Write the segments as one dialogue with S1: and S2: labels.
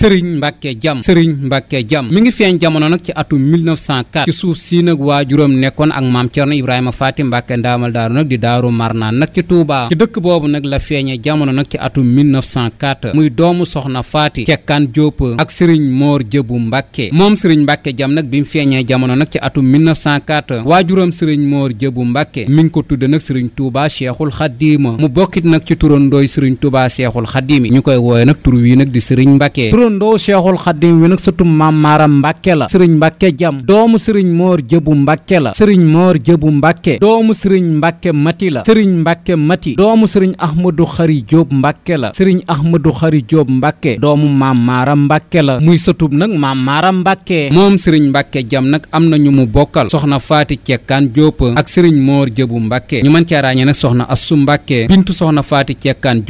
S1: Serigne Mbacke Diam Serigne Mbacke Diam mi ngi feeñ jamono nag ci atum 1904 ci suuf sii nag waajuram nekkoon ak maam Thierno Ibrahima faati Mbacke ndaamal daaru nag di daaru Marnaan nag ci Touba ci dëkk boobu nag la feeñee jamono nag ci atum 1904 muy doomu soxna faati Cekkan Diop ak moor Mor bu Mbacke moom Serigne Mbacke jam nag bi mu feeñee jamono nag ci atum 1904 waajuram Serigne Mor bu Mbacke mi ngi ko tudd nag Serigne Touba Cheikhul Khadim mu bokkit nag ci turandooy Serigne Touba Cheikhul Khadim ñu koy wooye nag tur wii nag di Serigne Mbacke turandoo cheikhul xadim wi nag sëtu maam maaram mbàkke la sëriñ mbàkke jam doomu sëriñ moor bu mbàkke la sëriñ moor jëbu mbàkke doomu sëriñ mbàkke mati la sëriñ mbàkke mati doomu sëriñ ahmadu xari jóob mbàkke la sëriñ ahmadu xari jóob mbàkke doomu maam maaram mbàkke la muy sëtub nag maam maaram mbàkke moom sëriñ mbàkke jam nag am na ñu mu bokkal soxna faati cekkaan jóob ak sëriñ moor jëbu mbàkke ñu mën cee ràññee nag soxna assu mbàkke bintu soxna faati cekkaan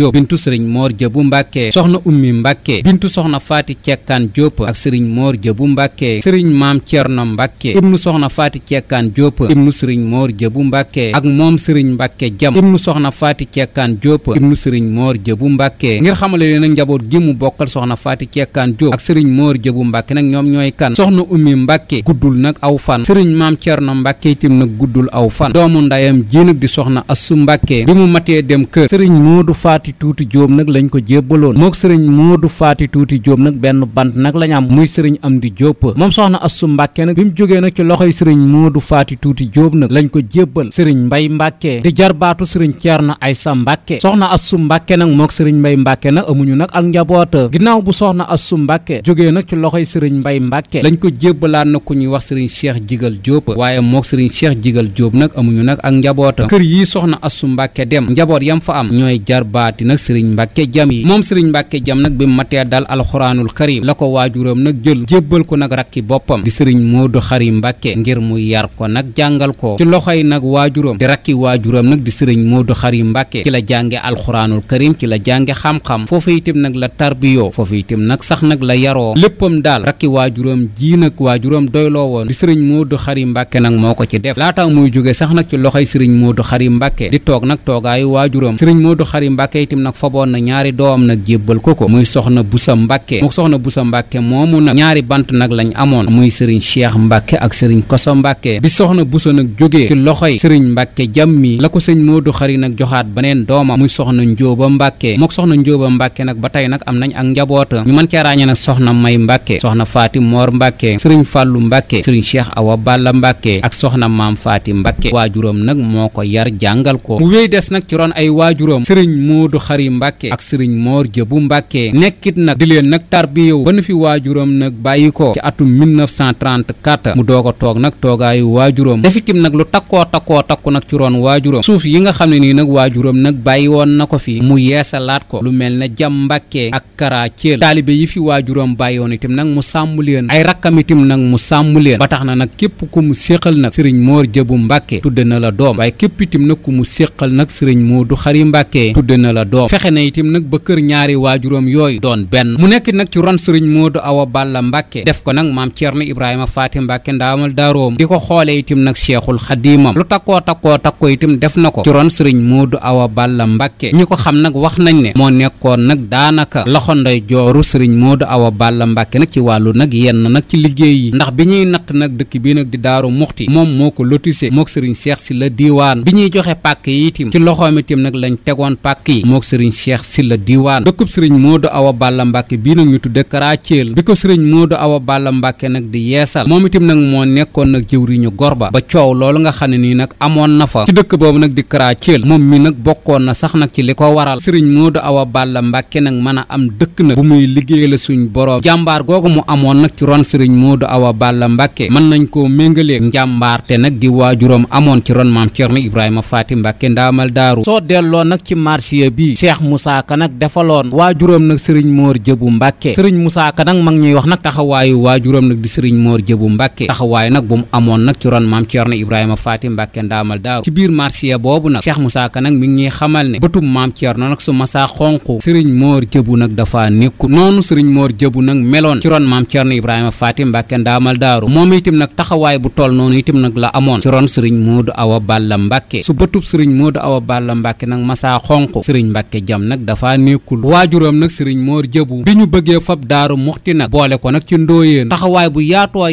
S1: faati cekkaan Diop ak sëriñ Mor Jëbu Mbàkke sëriñ maam Cerno Mbàkke ibnu soxna faati cekkaan Diop ibnu sëriñ Mor Jëbu Mbàkke ak moom sëriñ Mbàkke jam ibnu soxna faati cekkaan Diop ibnu sëriñ Mor Jëbu Mbàkke ngir xamale leen nag njaboot gi mu bokkal soxna faati cekkaan Diop ak sëriñ Mor Jëbu Mbàkke nag ñoom ñooy kan soxna Ummi Mbàkke guddul nag aw fan sëriñ maam Cerno Mbàkke itam nag guddul aw fan doomu ndayam ji nag di soxna Assu Mbàkke bi mu matee dem kër sëriñ Moodu Faati Tuuti Jóob nag lañ ko jébbaloon Diop nag benn bant nag lañ am muy sëriñ di Diop moom soxna Assu Mbàkke nag bi mu jógee nag ci loxoy sëriñ Moodu Faati Tuuti Diop nag lañ ko jébbal sëriñ Mbay Mbàkke di jarbaatu sëriñ Ceerno Aysa Mbàkke soxna Assu Mbàkke nag moo sëriñ Mbay Mbàkke nag amuñu nag ak njaboot ginnaaw bu soxna Assu Mbàkke jógee nag ci loxo yi sëriñ Mbay Mbàkke lañ ko jébbalaat nag ku ñuy wax sëriñ Cheikh Jigal jóop waaye moo sëriñ Cheikh Jigal Diop nag amuñu nag ak njaboot kër yi soxna Assu Mbàkke dem njaboot yam fa am ñooy jarbaati nag sëriñ Mbàkke jam yi moom sëriñ alxuraanul karim la ko waajuram nag jël jébbal ko nag rakki boppam di sëriñ Moodu Xari Mbàkke ngir mu yar ko nag jàngal ko ci loxoy nag waajuram di rakki waajuram nag di sëriñ Moodu Xari Mbàkke ci la jànge alxuraanul karim ci la jànge xam-xam foofu itam nag la tarbiyoo foofu itam nag sax nag la yaroo léppam daal rakki waajuram jii nag waajuram doyloo woon di sëriñ Moodu Xari Mbàkke nag moo ko ci def laata muy jóge sax nag ci loxoy sëriñ Moodu Xari Mbàkke di toog nag toogaayu waajuram sëriñ Moodu Xari Mbàkke itam nag faboon na ñaari doom nag jébbal ko ko muy soxna Busa Mbàkke Mbacke mu soxna Boussa Mbacke moomu nag ñaari bant nag lañ amoon muy sëriñ Cheikh Mbacke ak sëriñ Koso Mbacke bi soxna Boussa nag jógee ci loxoy sëriñ Mbacke jam mi la ko sëñ Modou Xari nag joxaat beneen doomam muy soxna Njóoba Mbacke mook soxna Njóoba Mbacke nag ba tey nag am nañ ak njaboota ñu mën ràññee nag soxna May Mbacke soxna Faati Moor Mbacke sëriñ Fàllu Mbacke sëriñ Cheikh Awa Balla Mbacke ak soxna Maam Faati Mbacke waajuram nag moo ko yar jàngal ko mu wéy des nag ci ron ay waajuram sëriñ Modou Xari Mbacke ak sëriñ Moor Jëbu Mbacke nekkit nag di nag nag tarbiyewu ba nu fi waajuram nag bàyyi ko ci atum 1934 mu doog toog nag toogaayu waajuram dafi kim nag lu takkoo takkoo takku nag ci roon waajuram suuf yi nga xam ne nii nag waajuram nag bàyyi woon na ko fi mu yeesalaat ko lu mel ne jam mbàkkee ak karaa thiel taalibe yi fi waajuram bàyyi woon itam nag mu sàmm leen ay rakkam itam nag mu sàmm leen ba tax na nag képp ku mu séqal nag sëriñ moor jëbu mbàkkee tudde na la doom waaye képp itam nag ku mu séqal nag sëriñ moodu xari mbàkke tudde na la doom fexe na itam nag ba kër ñaari waajuram yooyu dëkk nag ci ron sëriñ Moodu Awa Balla Mbàkke def ko nag maam Ceerno Ibrahima Faati Mbàkke ndaamal daaroom di ko xoole itam nag seexul xadiimam lu takkoo takkoo takko itam def na ko ci ron sëriñ Moodu Awa Balla Mbàkke ñi ko xam nag wax nañ ne moo nekkoon nag daanaka loxo nday jooru sëriñ moo du Awa Balla Mbàkke nag ci wàllu nag yenn nag ci liggéey yi ndax bi ñuy natt nag dëkk bii nag di daaru muxti moom moo ko lotise mook sëriñ Seex si la diiwaan bi ñuy joxe pàkk yi itam ci loxoom itam nag lañ tegoon pàkk yi mook sëriñ Seex si la diiwaan dëkkub sëriñ Moodu Awa Balla Mbàkke bii nag ñu tudde Kara Thiel bi ko sëriñ Modou Awa Balla Mbàkke nag di yeesal moom itam nag moo nekkoon nag jëwriñu Gorba ba coow loolu nga xam ne nii nag amoon na fa ci dëkk boobu nag di Kara Thiel moom na a am dëkk na bu muy liggéey la suñ boroom jàmbaar googu mu amoon nag ci ron sëriñ Modou Awa Balla Mbàkke mën ko koo méngaleeg njàmbaarte nag di waa waajuram amoon ci ron maam Cerno Ibrahima Faati Mbàkke ndaamal daaru soo delloo nag ci marché bi Cheikh Moussa nag defaloon waajuram nag sëriñ Mor Jëbu Mbàkke Mbàkke sëriñ Moussa Ka nag mag ñuy wax nag taxawaayu waajuram nag di sëriñ Mor Jëbu Mbàkke taxawaay nag bu mu amoon nag ci ron maam Ceerno Ibrahima Faati Mbàkke ndaamal daaru ci biir marsiya boobu nag Cheikh Moussa Ka nag mi ngi ñuy xamal ne bëtum maam Ceerno nag su masaa xonq sëriñ Mor Jëbu nag dafaa nekku noonu sëriñ Mor Jëbu nag meloon ci ron maam Ceerno Ibrahima Faati moom itam nag taxawaay bu toll noonu itam nag la amoon ci ron sëriñ Moodu Awa Balla su bëtub sëriñ Moodu Awa Balla Mbàkke nak masaa xonq sëriñ Mbàkke jam nag dafaa nekkul waajuram nag sëriñ bëggee fab daaru muxti nag boole ko nag ci ndóoyéen taxawaay bu yaatoo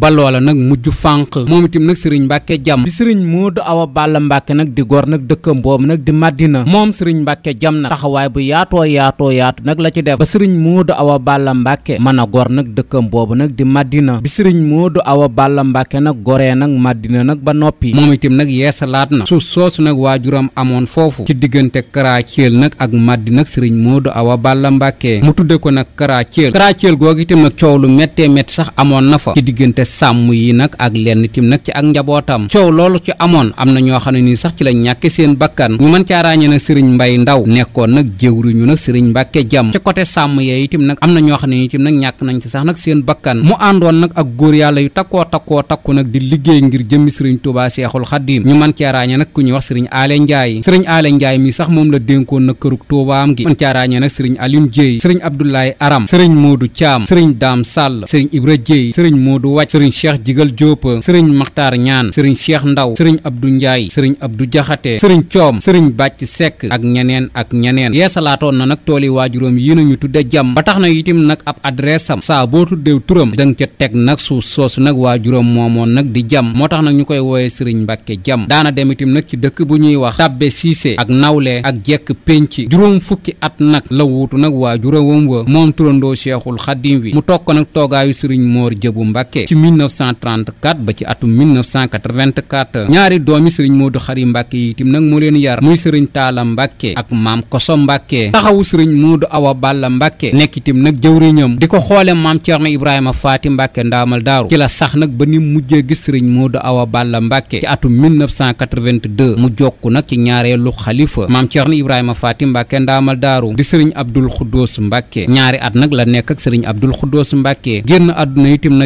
S1: ba loola nag mujj fànq moom itam nag sëriñ mbàkke jam bi sëriñ Moodu Awa Balla Mbàkke nag di gor nag dëkkam boobu nag di Madina moom sëriñ mbàkke jam nag taxawaay bu yaatoo yaatoo yaatu nag la ci def ba sëriñ Moodu Awa Balla Mbàkke mën a gor nag dëkkam boobu nag di Madina bi sëriñ Moodu Awa Balla Mbàkke nag goree nag Madina nag ba noppi moom itam nag yeesalaat na suuf soosu nag waajuram amoon foofu ci diggante Karaaceel nag ak Madina nag sëriñ Moodu Awa Balla Mbàkke Mbàkke mu tudde ko nag karaaceel karaaceel googu itam nag coow lu méttee métti sax amoon na fa ci diggante sàmm yi nag ak lenn itam nag ci ak njabootam coow loolu ci amoon am na ñoo xam ne nii sax ci la ñàkke seen bakkan ñu mën caa ràññee nag sëriñ Mbay Ndaw nekkoon nag jëwriñu nag sëriñ Mbàkke jam ci côté sàmm yee itam nag am na ñoo xam ne nii itam nag ñàkk nañ ci sax nag seen bakkan mu àndoon nag ak góor yàlla yu takkoo takkoo takku nag di liggéey ngir jëmmi sëriñ Tuubaa Seexul Xadiim ñu mën caa ràññee nag ku ñuy wax sëriñ Aale Njaay sëriñ Aale Njaay mi sax moom la dénkoon na sëriñ Abdoulaye Aram sëriñ Modou Thiam sëriñ Dame Sall sëriñ Ibra Dieye sëriñ Modou Wacc sëriñ Cheikh Jigal Diop sëriñ Makhtar Ñaan sëriñ Cheikh Ndaw sëriñ Abdou Ndiaye sëriñ Abdou Jaxate sëriñ Coom sëriñ Bàcc Seck ak ñeneen ak ñeneen yeesalaatoon na nag tooli waajuróom yi nañu tudde jàmm ba tax na itim nag ab adresse saa boo tuddeew turam danga ca teg nag suuf soosu nag waajuróom moomoon nag di jàmm moo tax nag ñu koy wooyee sëriñ Mbàkke jàmm daana dem itim nag ci dëkk bu ñuy wax Tabbe Cissé wom wa moom turandoo cheikhul xaddim wi mu toog ko nag toogaayu sëriñ moor jëbu mbàkke ci 1934 ba ci atum 1984 ñaari doomi sëriñ moodu xari mbàkke yi itam nag moo leen yar muy sëriñ taala mbàkke ak maam koso mbàkke taxawu sëriñ moodu awa balla mbàkke nekk itam nag jëwriñam di ko xoole maam ceerno ibrahima faati mbàkke ndaamal daaru ci la sax nag ba ni mujjee gis sëriñ moodu awa balla mbàkke ci atum 1982 mu jokku nag ci ñaareelu xalifa maam ceerno ibrahima faati mbàkke ndaamal daaru Xuddoos Mbàkke ñaari at nag la nekk ak sëriñ Abdul Xuddoos Mbàkke génn àdduna itam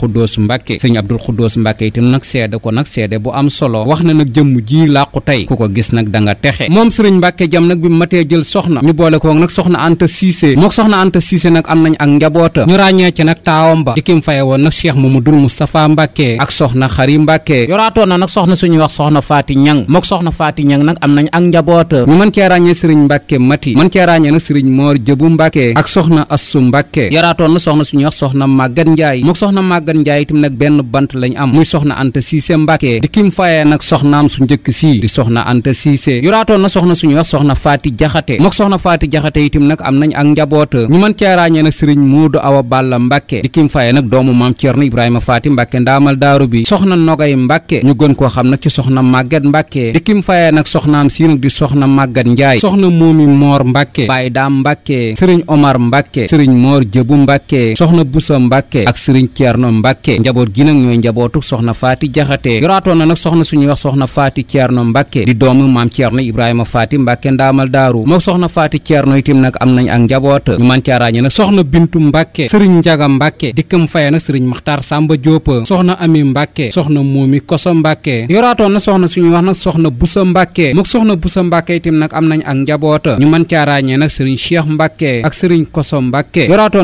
S1: Xuddoos Mbàkke sëriñ Abdul Xuddoos Mbàkke itam nag seede ko nag seede bu am solo wax na nag jëmm ji làqu tey ku ko gis nag da nga texe moom sëriñ Mbàkke jam nag bi matee jël soxna ñu boole ko nag soxna Anta Cissé mook soxna Anta Cissé nag am nañ ak njaboota ñu ràññee ci nag taawam ba di kim faye woon nag Cheikh Mamadul Moustapha Mbàkke ak soxna Xari Mbàkke yoraatoon na nag soxna suñuy wax soxna Faati Ñang mook soxna Faati Ñang nag am nañ ak njaboota ñu mën cee ràññee sëriñ Mbàkke Mati mën cee ràññee nag sëriñ moor jëbu mbàkke ak soxna assu mbàkke yaraatoon na soxna suñuy wax soxna màggat njaay mook soxna màggat njaay itam nag benn bant lañ am muy soxna anta siise mbàkke di kim fayee nag soxnaam su njëkk sii di soxna anta siise yoraatoon na soxna suñu wax soxna faati jaxate mook soxna faati jaxate itam nag am nañ ak njaboot ñu mën cee ràññee nag sëriñ muudu awa balla mbàkke di kim fayee nag doomu maam ibrahima faati mbàkke ndaamal daaru bi soxna nogay mbàkke ñu gën koo xam nag ci soxna màggat mbàkke di kim fayee nag soxnaam sii nag di soxna màggat njaay soxna moomi moor mbàkke daam mbàkke sëriñ omar mbàkke sëriñ moor jëbu mbàkke soxna busa mbàkke ak sëriñ ceerno mbàkke njaboot gi nag ñooy njabootu soxna faati jaxate yoraatoon na nag soxna suñuy wax soxna faati ceerno mbàkke di doomu maam ceerno ibrahima faati mbàkke ndaamal daaru moo soxna faati ceerno itim nag am nañ ak njaboot ñu man ca ràññe nag soxna bintu mbàkke sëriñ njaga mbàkke dikkam faye nag sëriñ maxtaar sàmba jóopa soxna ami mbàkke soxna moomi koso mbàkke yoraatoon na soxna suñuy wax nag soxna busa mbàkke mook soxna busa mbàkke itim nag am nañ ak njaboota ñu man ca ràññe nag sëriñ Cheikh Mbacke ak sëriñ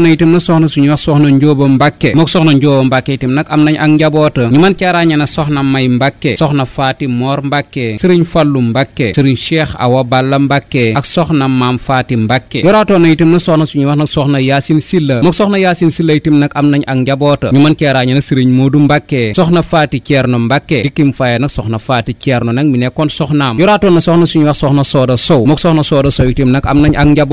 S1: na itam nag soxna suñu wax soxna Njóoba Mbacke mook soxna Njóoba Mbacke itam nag am nañ ak njaboot ñu mën na soxna May Mbacke soxna Faati Moor Mbacke sëriñ Fallu Mbacke sëriñ Cheikh Awa Balla Mbacke ak soxna Maam Faati Mbacke yoraatoon na itam nag soxna suñu wax nag soxna Yaasin Silla mook soxna Yaasin Silla itam nag am nañ ak njaboot ñu man caa ràññee nag sëriñ Moodu Mbacke soxna Faati Ceerno Mbacke dikkim faye nag soxna Faati Ceerno nag mi nekkoon soxnaam yoraatoon na soxna suñu wax soxna Sooda Sow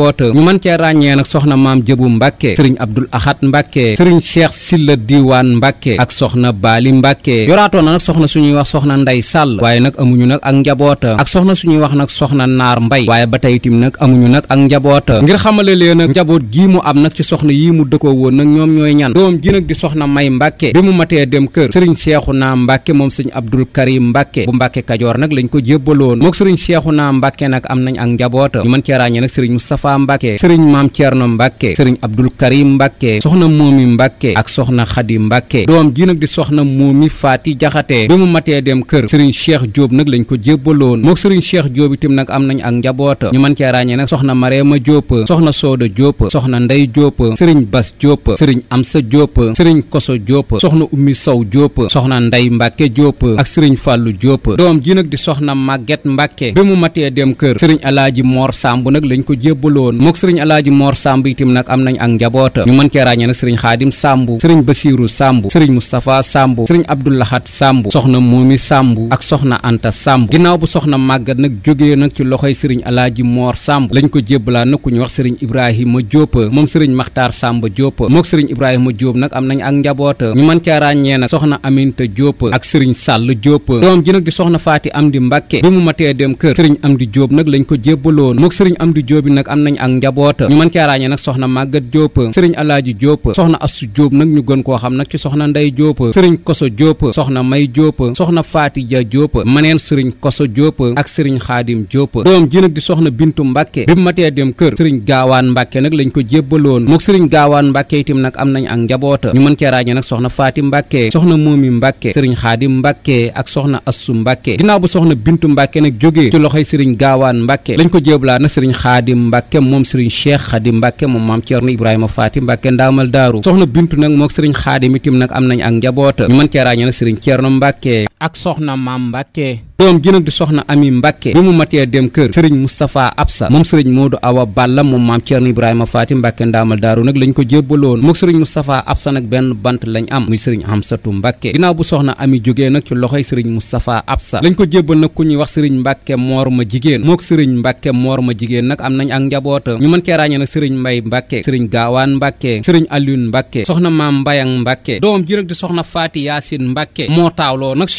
S1: njaboot ñu mën cee ràññee nag soxna maam jëbu mbàkke sëriñ abdul axat mbàkke sëriñ cheikh silla diiwaan mbàkke ak soxna baali mbàkke yoraatoon na soxna suñuy wax soxna nday sàll waaye nag amuñu nag ak njaboota ak soxna suñuy wax nag soxna naar mbay waaye ba tey itam nag amuñu nag ak njaboota ngir xamale leen nag njaboot gii mu am nag soxna yii mu dëkkoo woon nag ñoom ñooy ñan doom ji nag di soxna mbàkke mu matee dem kër sëriñ seexu naa mbàkke moom sëriñ abdul karim mbàkke bu mbàkke kajoor nag lañ ko jébbaloon mook sëriñ seexu naa mbàkke nag am nañ ak njaboota ñu mën cee ràññee nag sëriñ mustafa Moustapha Mbacke sëriñ maam Thierno Mbacke sëriñ Abdul Karim Mbacke soxna Momi Mbacke ak soxna Khady Mbacke doom ji nag di soxna Momi Faati Jaxate bi mu matee dem kër sëriñ Cheikh Diop nag lañ ko jébbaloon mook sëriñ Cheikh Diop itam nag am nañ ak njaboota ñu mën cee ràññee nag soxna Marema Diop soxna Sooda Diop soxna Ndey Diop sëriñ Bas Diop sëriñ Amsa Diop sëriñ Koso Diop soxna Ummi Sow Diop soxna Ndey Mbacke Diop ak sëriñ Fàllu Diop doom ji nag di soxna Maguette Mbacke bi mu matee dem kër sëriñ Alaaji Mor Samb nag lañ ko woon mook sëriñ alaaji moor sàmb itam nag am nañ ak njaboota ñu mën cee ràññee nag sëriñ xaadim sàmb sëriñ basiiru sàmb sëriñ moustapha sàmb sëriñ abdoulahat sàmb soxna moomi sàmb ak soxna anta sàmb ginnaaw bu soxna màggat nag jógee nag ci loxoy sëriñ alaaji moor sàmb lañ ko jébbalaa nag ku ñu wax sëriñ ibrahima jóob moom sëriñ maxtaar sàmb jóob mook sëriñ ibrahima jóob nag am nañ ak njaboota ñu mën cee ràññee nag soxna aminta jóob ak sëriñ sàll jóob doom ji nag di soxna faati am di mbàkke bi mu matee dem kër sëriñ am di jóob nag lañ ko jébbaloon mook sëriñ am di jóob nag am nañ nañ ak njaboota ñu mën cee ràññee nag soxna màggat Diop sëriñ alaaji Diop soxna assu Diop nag ñu gën koo xam nag ci soxna nday Diop sëriñ koso Diop soxna may Diop soxna Faatija Diop maneen sëriñ koso Diop ak sëriñ xaadim Diop doom ji nag di soxna bintu Mbàkke bi mu matee dem kër sëriñ gaawaan Mbàkke nag lañ ko jébbaloon mook sëriñ gaawaan Mbàkke itam nag am nañ ak njaboota ñu mën cee ràññee nag soxna Faati Mbàkke soxna Moomi Mbàkke sëriñ xaadim Mbàkke ak soxna assu Mbàkke ginnaaw bu soxna bintu Mbàkke nag jógee ci loxoy sëriñ gaawaan Mbàkke lañ ko jébbalaat nag sëriñ xaadim Mbàkke Mbacke moom Serigne Cheikh Khady Mbacke moom maam Thierno Ibrahima Faty Mbacke ndaamal daaru soxna bintu nag mook Serigne Khadim itim nag am nañ ak njaboota ñu mën cee ràññee nag Serigne Thierno Mbacke ak soxna maam Mbacke doom ji nag di soxna Ami Mbàkke bi mu matee dem kër sëriñ Moustapha Absa moom sëriñ Modou Awa Balla moom maam Ceerno Ibrahima Faati Mbàkke ndaamal daaru nag lañ ko jébbaloon mook sëriñ Moustapha Absa nag benn bant lañ am muy sëriñ Amsatu Mbàkke ginnaaw bu soxna Ami jógee nag ci loxoy sëriñ Moustapha Absa lañ ko jébbal nag ku ñuy wax sëriñ Mbàkke Moor ma jigéen mook sëriñ Mbàkke Moor ma jigéen nag am nañ ak njaboota ñu man cee ràññee nag sëriñ Mbay Mbàkke sëriñ Gaawaan Mbàkke sëriñ Alioune Mbàkke soxna maam Mbayang Mbàkke doom ji nag di soxna Faati Yaasin Mbàkke moo taawloo nag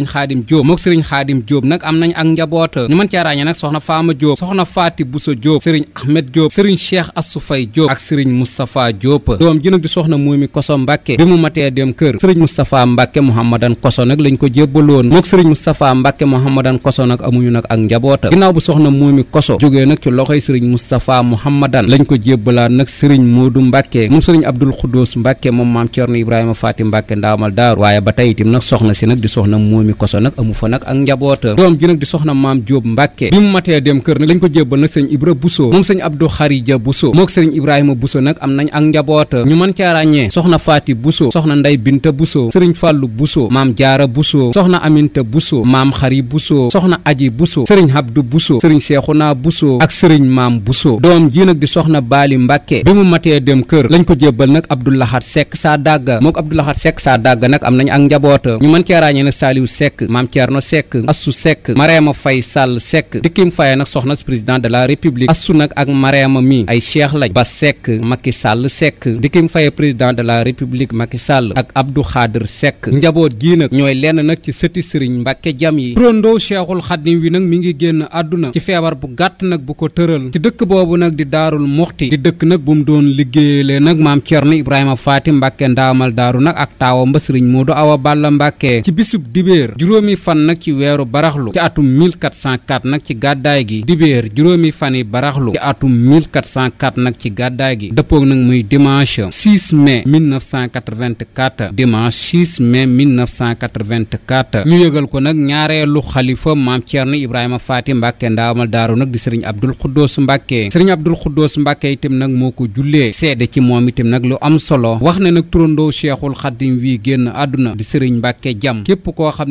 S1: Serigne Khadim Diop mook Serigne Khadim Diop nag am nañ ak njaboot ñu mën cee ràññee nag soxna Faama Diop soxna Faati Bousso Diop Serigne Ahmed Diop Serigne Cheikh Assou Faye Diop ak Serigne Moustapha Diop doom ji nag di soxna Moumi Koso Mbacke bi mu matee dem kër Serigne Moustapha Mbacke Mouhamadan Koso nag lañ ko jébbaloon mook Serigne Moustapha Mbacke Mouhamadan Koso nag amuñu nag ak njaboot ginnaaw bu soxna Moumi Koso jógee nag ci loxoy Serigne Moustapha Mouhamadan lañ ko jébbalaat nag Serigne Modou Mbacke moom Serigne Abdoul Khoudous Mbacke moom maam Thierno Ibrahima Faati Mbacke ndaamal daaru waaye ba tey itam nag soxna si nag di doomi koso nag amu fa nag ak njaboot doom ji nag di soxna maam Jóob Mbàkke bi mu matee dem kër nag lañ ko jébbal nag sëñ Ibra Buso moom sëñ Abdou Xarija Buso mook sëñ Ibrahima Buso nag am nañ ak njaboot ñu mën caa ràññee soxna Faati Buso soxna Nday Binta Buso maam Jaara Buso soxna Aminta Buso maam Xari Buso soxna Aji Buso sëriñ Abdu Buso sëriñ Seexuna Buso ak sëriñ maam Buso ji nag di soxna Baali Mbàkke bi mu matee dem kër ko jébbal nag Abdou Lahad Seck saa dàgga mook Abdou Lahad Seck saa dàgga nag am nañ ak njaboot ñu mën caa ràññee nag Saaliw Seck maam Thierno Seck Assou Seck Marème Faye Sall Seck dikkim Faye nag soxna président de la république Assou nag ak Marème mi ay cheikh lañ ba Seck Macky Sall Seck dikkim Faye président de la république Macky Sall ak Abdou Khader Seck njaboot gii nag ñooy lenn nag ci sëti Serigne Mbacke jam yi turandoo Cheikhul Khadim wi nag mi ngi génn àdduna ci feebar bu gàtt nag bu ko tëral ci dëkk boobu nag di daarul muxti di dëkk nag bu mu doon liggéeyale nag maam Thierno Ibrahima Fatim Mbacke ndaamal daaru nag ak taawam ba Serigne dibéer juróomi fan nag ci weeru baraxlu ci atum 1404 nag ci gàddaay gi dibéer juróomi fan yi baraxlu ci atum 1404 nag ci gàddaay gi dëppoog nag muy dimanche 6 mai 1984 dimanche 6 mai 1984 ñu yëgal ko nag ñaareelu xalifa maam Thierno Ibrahima Faati Mbàkke ndaamal daaru nag di sëriñ Abdul Xuddoos Mbàkke sëriñ Abdul Xuddoos Mbàkke itam nag moo ko jullee seede ci moom itam nag lu am solo wax ne nag turandoo Cheikhul Xadim wii génn àdduna di sëriñ Mbàkke jam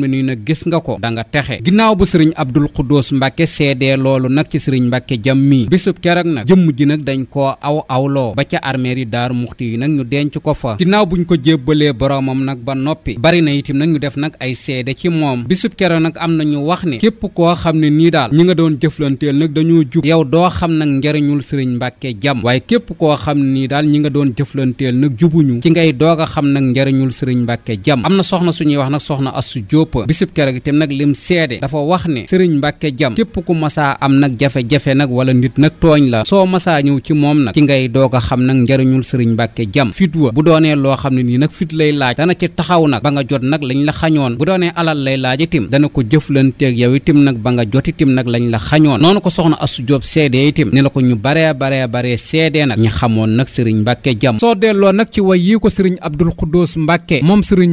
S1: xam ne nii nag gis nga ko da nga texe ginnaaw bu sëriñ Abdul Xudoos Mbàkke seedee loolu nag ci sëriñ Mbàkke jam mii bésub keroog nag jëmm ji nag dañ koo aw awloo ba ca armeer yi daaru muxti yi nag ñu denc ko fa ginnaaw buñ ko jébbalee boroomam nag ba noppi bari na itam nag ñu def nag ay seede ci moom bésub keroog nag am na ñu wax ne képp koo xam ne nii daal ñi nga doon jëflanteel nag dañoo jub yow doo xam nag njariñul sëriñ Mbàkke jam waaye képp koo xam ni daal ñi nga doon jëflanteel nag jubuñu ci ngay doog a xam nag njariñul sëriñ Mbàkke jam am na soxna suñuy wax nag soxna Asu Jóob Diop bisub keroog itam nag lim seede dafa wax ne sëriñ Mbàkke jam képp ku masaa am nag jafe-jafe nag wala nit nag tooñ la soo masaa ñëw ci moom nag ci ngay doog a xam nag njariñul sëriñ Mbàkke jam fit wa bu doonee loo xam ne nii nag fit lay laaj dana ci taxaw nag ba nga jot nag lañ la xañoon bu doonee alal lay laaj itim dana ko jëflanteeg yow itim nag ba nga jot itim nag lañ la xañoon noonu ko soxna Asu Diop seede itim ni la ko ñu baree baree baree seede nag ñi xamoon nag sëriñ Mbàkke jam soo delloo nag ci way yii ko sëriñ Abdul Xuddóos Mbàkke moom sëriñ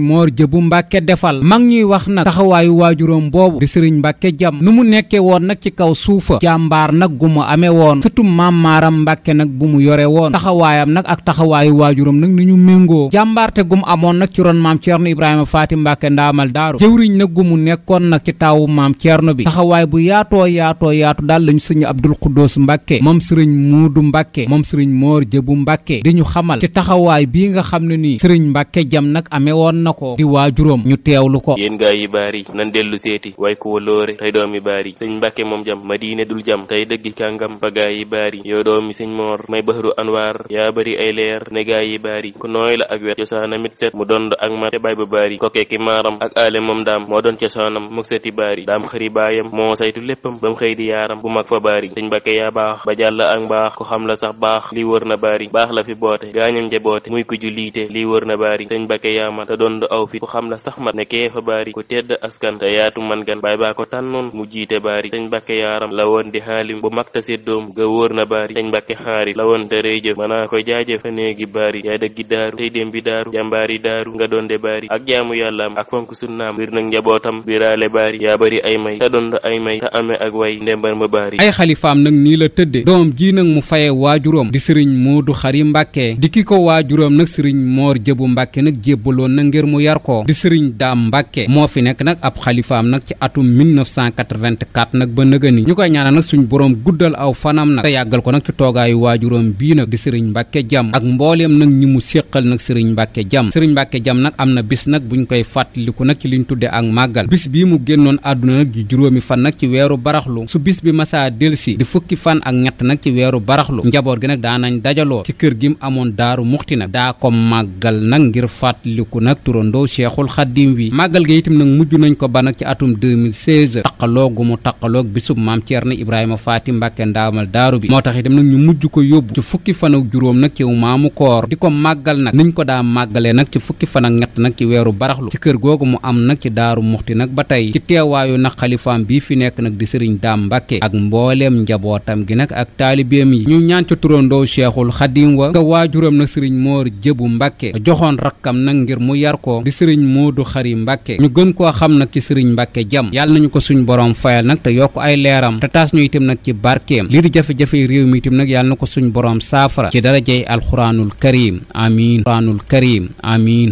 S1: Muudu Mbàkke defal mag ñuy wax nag taxawaayu waajuram boobu di sëriñ Mbàkke jam nu mu nekke woon nag ci kaw suufa jàmbaar nag gu mu amee woon surtout maam Maaram Mbàkke nag bu mu yore woon taxawaayam nag ak taxawaayu waajuram nag ni ñu méngoo jàmbaarte gu mu amoon nag ci ron maam Ceerno Ibrahima Faati Mbàkke ndaamal daaru jëwriñ nag gu mu nekkoon nag ci taawu maam Ceerno bi taxawaay bu yaatoo yaatoo yaatu daal lañu sëñ Abdul Xuddoos Mbàkke moom sëriñ Muudu Mbàkke moom sëriñ Moor Jëbu Mbàkke di ñu xamal taxawaay bii nga xam ne nii sëriñ turam ñu teewlu ko yéen
S2: gaa yi baari nan dellu seeti way ko waloore tey doomi baari sëñ mbàkke moom jam ma diine dul jam tey dëggi kàngam ba gaa yi baari yoo doomi sëñ moor may bahru anwaar yaa bari ay leer ne gaa yi baari ku nooy la ak wet cosaanamit set mu dond ak mat te bay ba baari kokkee ki maaram ak aale moom daam moo doon cosaanam muk seti baari daam xëri moo saytu léppam ba xëy di yaaram bu mag fa baari sëñ mbàkke yaa baax ba jàll ak mbaax ko xam la la fi boote gaañam jaboote muy moom la sax mat nekkee fa baari ku tedd askan te yaatu man gan baay baa ko tànnoon mu jiite baari sëñ mbàkke yaaram la woon di xaalim bu mag ta séddoom ga wóor na baari sëñ mbàkke xaari la woon te rëy jëf manaa koy jaajëf fa néegi baari yaay dëggi daaru tey dem bi daaru jàmbaari daaru nga doon de baari ak jaamu yàllaam ak fonk sunnaam biir nag njabootam biraale baari yaa bari ay may te doon ay may te amee ak way ndembar ma baari ay
S1: xalifaam nag nii la sëriñ daam mbàkke moo fi nekk nag ab xalifaam nag ci atum 1984 nag ba nëgëni ñu koy ñaanal nag suñu borom guddal aw fanam nag te yàggal ko nag ci toogaayu waajuróom bii nag di sëriñ mbàkke jam ak mbooleem nag ñi mu séqal nag sëriñ mbàkke jam sëriñ mbàkke jam nag am na bis nag ñu koy fàttaliku nag ci liñ tudde ak màggal bis bii mu génnoon àdduna nag di juróomi fan nag ci weeru baraxlu su bis bi masaa delsi di fukki fan ak ñett nag ci weeru baraxlu njaboot gi nag daanañ dajaloo ci kër gi mu amoon daaru muxti nag daa ko màggal nag ngir fàttaliku nag xaddim wi màggal ga itam nag mujj nañ ko ba nag ci atum 2016 taqaloo gu mu taqaloog bisub maam Ceerno Ibrahima Faati Mbàkke ndaamal daaru bi moo tax itam nag ñu mujj ko yóbbu ci fukki fan ak juróom nag ci maamu koor di ko màggal nag niñ ko daa màggalee nag ci fukki fan ak ñett nag ci weeru baraxlu ci kër googu mu am nag ci daaru muxti nag ba tey ci teewaayu nag xalifaam bii fi nekk nag di sëriñ daam mbàkke ak mbooleem njabootam gi nag ak taalibeem yi ñu ñaan ca turandoo cheikhul xadim wa nga waajuram nag sëriñ moor jëbu mbàkke joxoon Moodu Xari Mbàkke ñu gën koo xam nag ci sëriñ Mbàkke jam yàlla nañu ko suñ borom fayal nag te yokk ay leeram te taas ñu itam nag ci barkeem lii di jafe-jafey réew mi itam nag yàlla na ko suñ borom saafara ci darajey alxuraanul karim amin alxuraanul karim amin